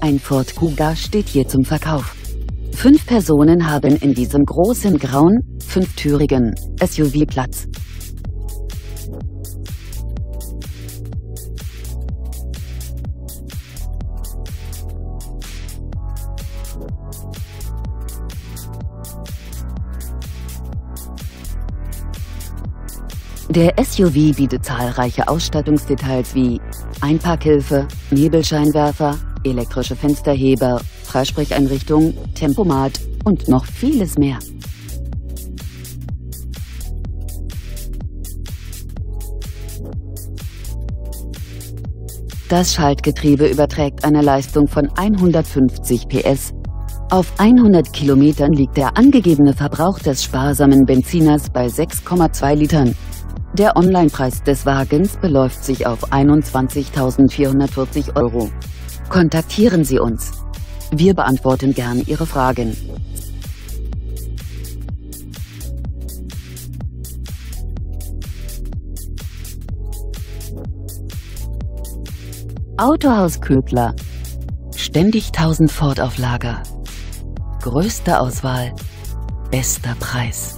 Ein Ford Kuga steht hier zum Verkauf. Fünf Personen haben in diesem großen grauen, fünftürigen SUV Platz. Der SUV bietet zahlreiche Ausstattungsdetails wie Einparkhilfe, Nebelscheinwerfer, elektrische Fensterheber, Freisprecheinrichtung, Tempomat und noch vieles mehr. Das Schaltgetriebe überträgt eine Leistung von 150 PS. Auf 100 Kilometern liegt der angegebene Verbrauch des sparsamen Benziners bei 6,2 Litern. Der Onlinepreis des Wagens beläuft sich auf 21.440 Euro. Kontaktieren Sie uns. Wir beantworten gern Ihre Fragen. Autohaus Ködler. Ständig 1000 Ford auf Lager. Größte Auswahl, bester Preis.